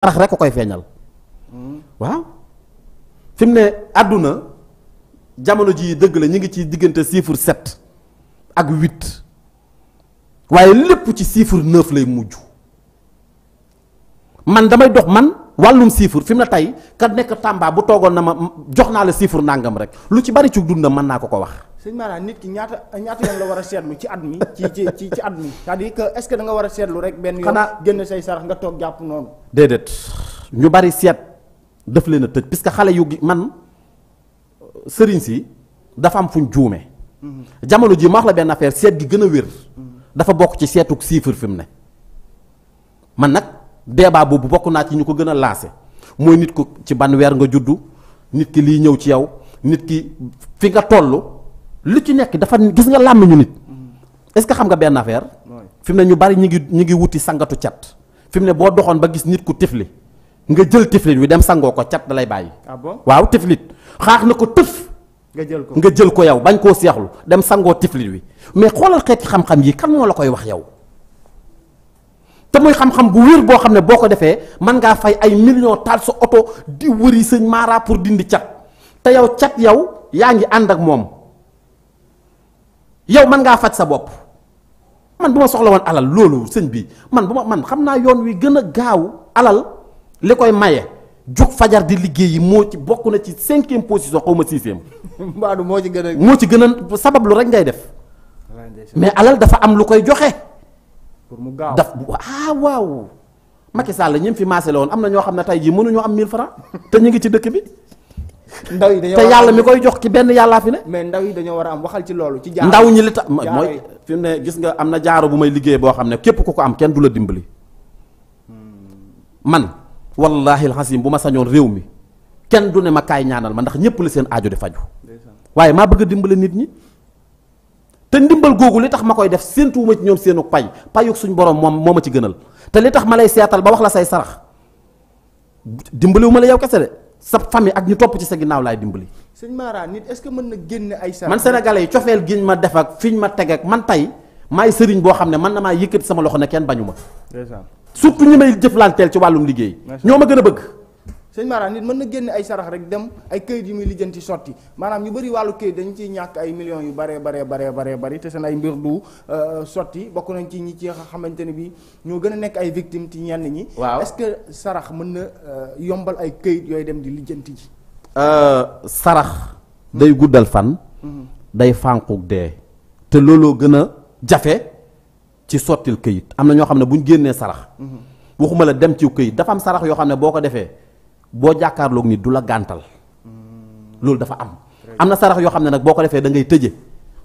sarax rek ko koy feeñal waaw fi mu ne àdduna jamono ji dëgg la ñu ngi ci diggante chiffre sept ak huit waaye lépp ci chiffre neuf lay mujj man damay dox man wàllum chiffre fi mu ne tey ka nekk Tamba bu toogoon na ma jox naa la chiffre nangam rek lu ci bari ci dundam mën naa ko ko wax sëñ maanaam nit ki ñaata ñaata yoon la war a seetlu ci at mi ci ci ci ci at mi c'est-à-dire que nga war a seetlu rek benn yoon génn say sarax nga toog jàpp noonu déedéet ñu bari seet daf leen a tëj puisque xale yu man sëriñ si dafa am fuñ juume mm-hmm. jamono ji ma wax la benn affaire seet gi gën a wér mm-hmm. dafa bokk ci seetuk chiffre fim mu ne man nag débat boobu bokk naa ci ñu ko gën a lancé mooy nit ko ci ban weer nga juddu nit ki liy ñëw ci yow nit ki fi nga tollu li ci nekk dafa gis nga làmmiñu nit est-ce que xam nga benn affaire fi mu ne ñu bari ñu ngi ñu ngi wuti sangatu cat fi mu ne boo doxoon ba gis nit ku tifli nga jël tiflit wi dem sangoo ko cat da lay bàyyi. Ah waaw tiflit xaax na ko tëf. nga jël ko nga jël ko yow bañ koo seexlu dem sangoo tiflit wi mais xoolal xeeti xam-xam yi kan moo la koy wax yow. te muy xam-xam bu wér boo xam ne boo ko defee mën ngaa fay ay million taal sa oto di wëri sëñ Mara pour dindi cat te yow cat yow yaa ngi ànd ak moom. yow man ngaa faj sa bopp man bu ma soxla woon alal loolu sëñ bi man bu ma man xam naa yoon wi gën a gaaw alal li koy maye jóg fajar di liggéey yi moo ci bokk na ci cinquième position xaw ma sixième. mbaadu moo ci gën a. moo ci gën a sabab rek ngay def. mais alal dafa am lu koy joxe. pour mu gaaw daf ah waaw. Macky Sall ñi fi maase la woon am na ñoo xam ne tey jii mënuñoo am 1000 francs te ñu ngi ci dëkk bi. ndaw yi dañoo te yàlla mi koy jox ci benn yàllaa fi ne. mais ndaw yi dañoo war am waxal ci loolu. ci jaar ndaw ñi li tax mooy fi ne gis nga am na jaaro bu may liggéey boo xam ne képp ku ko am kenn du la dimbali. man wallaahi alxasim bu ma sañoon réew mi kenn du ne ma kaay ñaanal ma ndax ñëpp la seen ajo di faju waaye maa bëgg a dimbale nit ñi. te ndimbal googu li tax ma koy def séentuwuma ci ñoom seenu pay payuk suñ borom moom moo ma ci gënal te li tax ma lay seetal ba wax la say sarax dimbaliwu ma la yow kese de sa famille ak ñu topp ci sa ginnaaw laay dimbali. sëñ Mara nit est que mën na génne ay. man sénégalais yi cofeel giñ ma def ak fiñ ma teg ak man tey maay sëriñ boo xam ne man na maa yëkkati sama loxo ne kenn bañu ma. surtout ñi may jëflanteel ci wàllum liggéey. ñoo ma gën a bëgg. sëñ maanaam nit mën na génne ay sarax rek dem ay këyit yu muy lijjanti sotti maanaam ñu bëri wàllu këyit dañ ciy ñàkk ay millions yu bare bare baree baree bari te seen ay mbir du euh, sotti bokk nañ ci ñi ci xamante ne bi ñoo gën a nekk ay victimes ci ñenn ñi. waaw est que sarax mën na euh, yombal ay këyit yooyu dem di lijjanti ji. Euh, sarax. day guddal fan. Mm-hmm. day fànquk dee. te looloo gën a jafe ci sottil këyit am na ñoo xam ne bu ñu génnee sarax. Mm-hmm. waxuma la dem ci këyit dafa am sarax yoo xam ne boo ko defee. boo jàkkaarloog nit du la gàntal loolu dafa am am na sarax yoo xam ne nag boo ko defee da ngay tëje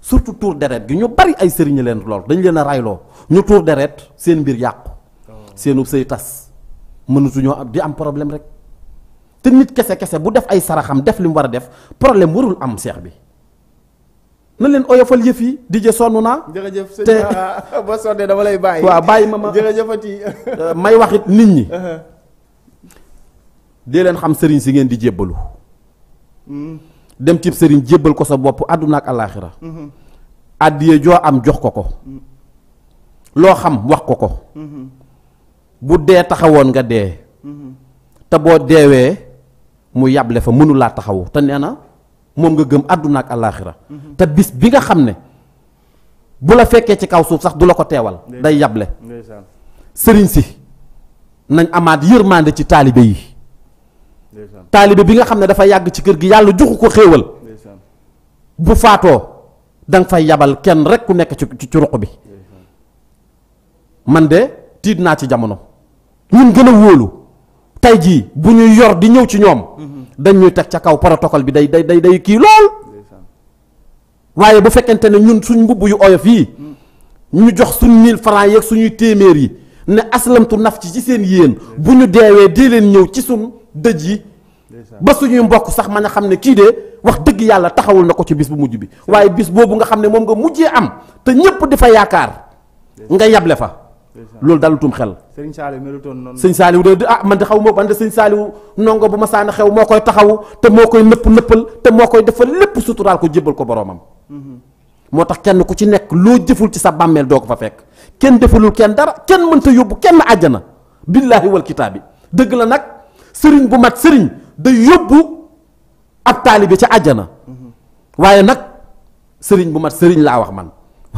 surtout tour deret gi ñu bari ay sëriñ leen lool dañu leen a rayloo ñu tuur deret seen mbir yàqu seenub say tas mënatuñoo am di am problème rek te nit kese kese bu def ay saraxam def li mu war a def problème warul am seex bi na leen oyofal yëf yi di je sonn naa. jërëjëf sëñ ba sonnee dama lay bàyyi. waaw bàyyi ma ma jërëjëfati may wax it nit ñi. Uh-huh. dee leen xam sëriñ si ngeen di jébbalu dem cib sëriñ jébbal ko sa bopp àdduna ak àllaaxira àddiye joo am jox ko ko loo xam wax ko ko bu dee taxawoon nga dee te boo deewee mu yàble fa mënulaa taxawu te nee na moom nga gëm àdduna ak àllaaxira te bis bi nga xam ne bu la fekkee ci kaw suuf sax du la ko teewal day yàble sëriñ si nañ amaat yërmande ci taaliba yi taalibe bi nga xam ne dafa yàgg ci kër gi yàlla juxu ko xéewal bu faatoo danga fay yabal kenn rek ku nekk ci ci ruq bi man de tiit naa ci jamono ñun gën a wóolu tey jii bu ñuy yor di ñëw ci ñoom mm-hmm. dañ ñuy teg ca kaw protocole bi day day day day kii lool waaye bu fekkente ne ñun suñ mbubb yu oyof yi mm. ñu jox suñ mille francs yeeg suñuy téeméer yi ne aslamtu naf ci ci seen yéen bu ñu deewee dee leen ñëw ci suñ dëj yi ba suñuy mbokk sax ma a xam ne kii de wax dëgg yàlla taxawul na ko ci biis bu mujj bi waaye bis boobu nga xam ne moom nga mujjee am te ñépp di yaakaar nga yable fa loolu dalutum xel sëñ Saaliw melutoon noonu sëñ Saaliw de ah man de xaw ma man de sëñ Saaliw bu ma saana xew moo koy taxaw te moo koy nëpp nëppal te moo koy defal lépp suturaal ko jébbal ko boroomam mhm. moo tax kenn ku ci nekk loo jëful ci sa bàmmeel doo ko fa fekk kenn defalul kenn dara kenn mënta yóbbu kenn àjjana billaahi wal kitaabi dëgg la nag sëriñ bu mat sëriñ day yóbbu ab taalibe ca àjjana waaye nag sëriñ bu mat sëriñ laa wax man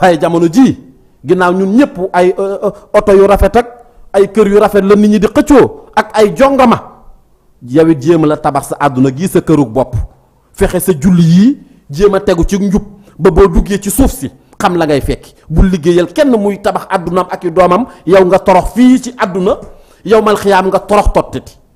waaye jamono jii ginnaaw ñun ñëpp ay euh, euh, oto yu rafet ak ay kër yu rafet la nit ñi di xëccoo ak ay jongama yow it jéem la tabax sa àdduna gii sa kërug bopp fexe sa julli yii jéem a tegu ci njub ba boo duggee ci suuf si xam la ngay fekk bu liggéeyal kenn muy tabax àddunaam ak yu doomam yow nga torox fii ci àdduna yow mal xiyaam nga torox tottati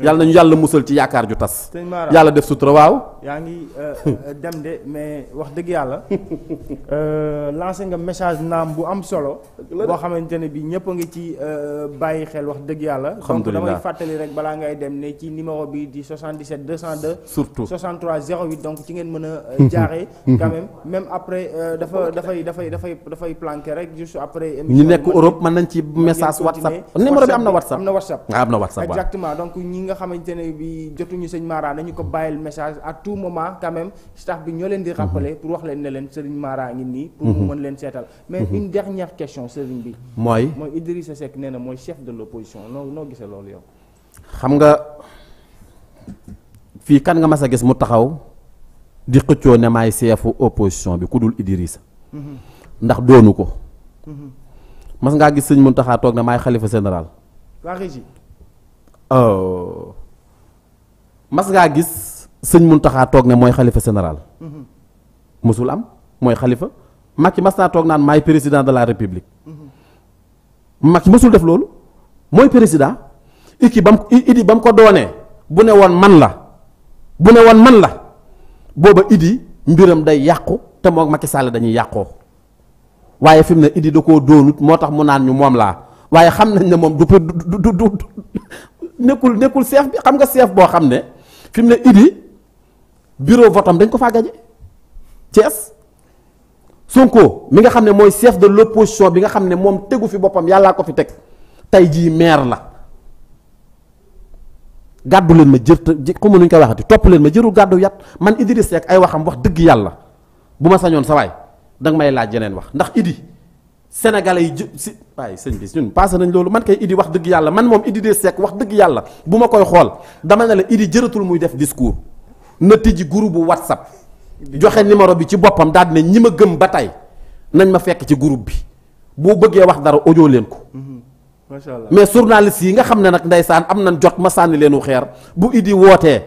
yàlla nañu yàlla musal ci yaakaar ju tas. yàlla def sutura waaw. yaa ngi euh, euh, dem de mais wax dëgg yàlla euh, lancé nga message naam bu am solo. boo xamante ne bi ñëpp a ngi ci bàyyi xel wax dëgg yàlla. donc damay fàttali rek balaa ngay dem ne ci numéro bi di 77 202. surtout 63 08 donc ci ngeen mën a. jaaree quand même même après dafa dafay dafay dafay dafay planqué rek juste après. ñu nekk Europe mën nañ ci message WhatsApp numéro am na WhatsApp. Ah, am na WhatsApp am na nga xamante ne bi jotuñu sëñ Mara nañu ko bàyyil message à tout moment quand même staff bi ñoo leen di rappeler mhm. pour wax leen ne leen sëriñ Mara ngi nii pour mhm. mu mën leen seetal mais mhm. une dernière question sëriñ bi mooy mooy Idrissa Seck nee na mooy chef de l'opposition noo noo gisee loolu xam nga fii kan nga mas a gis mu taxaw di xëccoo ne maay seefu opposition bi ku dul Idrissa ndax doonu ko mas ngaa gis sëñ Mountakha toog ne maay xalifa général Euh, mas ngaa gis sëñ Muntaxa toog ne mooy xalifa général. mosul am mooy xalifa Macky mas naa toog naan may président de la république. Macky mosul def loolu mooy président Idi ba mu ba mu ko doonee bu ne woon man la bu ne woon man la booba Idi mbiram day yàqu te moom Macky Sall dañuy yàqoo waaye fi mu ne Idi da koo doonut moo tax mu naan ñu moom laa waaye xam nañ ne moom du du du nekkul nekkul chef bi xam nga seef boo xam ne fi mu ne Idi bureau votam dañ ko faa gaje Thiès Sonko mi nga xam ne mooy chef de l'opposition bi nga xam ne moom tegu fi boppam yàllaa ko fi teg tey jii maire la gàddu leen ma jër ko mënuñ koy waxati topp leen ma jëru gàddu yat man Idriss seek ay waxam wax dëgg yàlla bu ma sañoon sa danga may laaj jeneen wax ndax Idi. sénégalais yi jë si waaye sëñ bi ñun nañ loolu man kay Idi wax dëgg yàlla man moom Idi de Seck wax dëgg yàlla bu ma koy xool dama ne la Idi jëratul muy def discours na tijji groupe bu whatsapp joxe numéro bi ci boppam daal ne ñi ma gëm ba tey nañ ma fekk ci groupe bi boo bëggee wax dara audio leen ko. Mm-hmm. macha allah mais journaliste yi nga xam ne nag ndeysaan am nañ jot ma sànni leenu xeer bu Idi wootee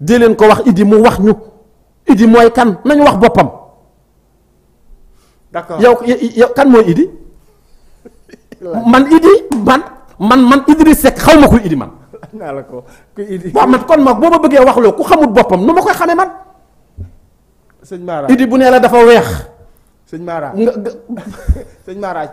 di leen ko wax Idi mu wax ñu Idi mooy kan nañ wax boppam. d'accord yow yow kan mooy Idi. man Idi man man man Idriss Seck xaw ma kuy Idi man. naa la ko kuy Idi. waaw man kon ma boo ma bëggee wax loo ku xamul boppam nu ma koy xamee man. sëñ Mara Idi bu nee la dafa weex. sëñ Mara nga sëñ Mara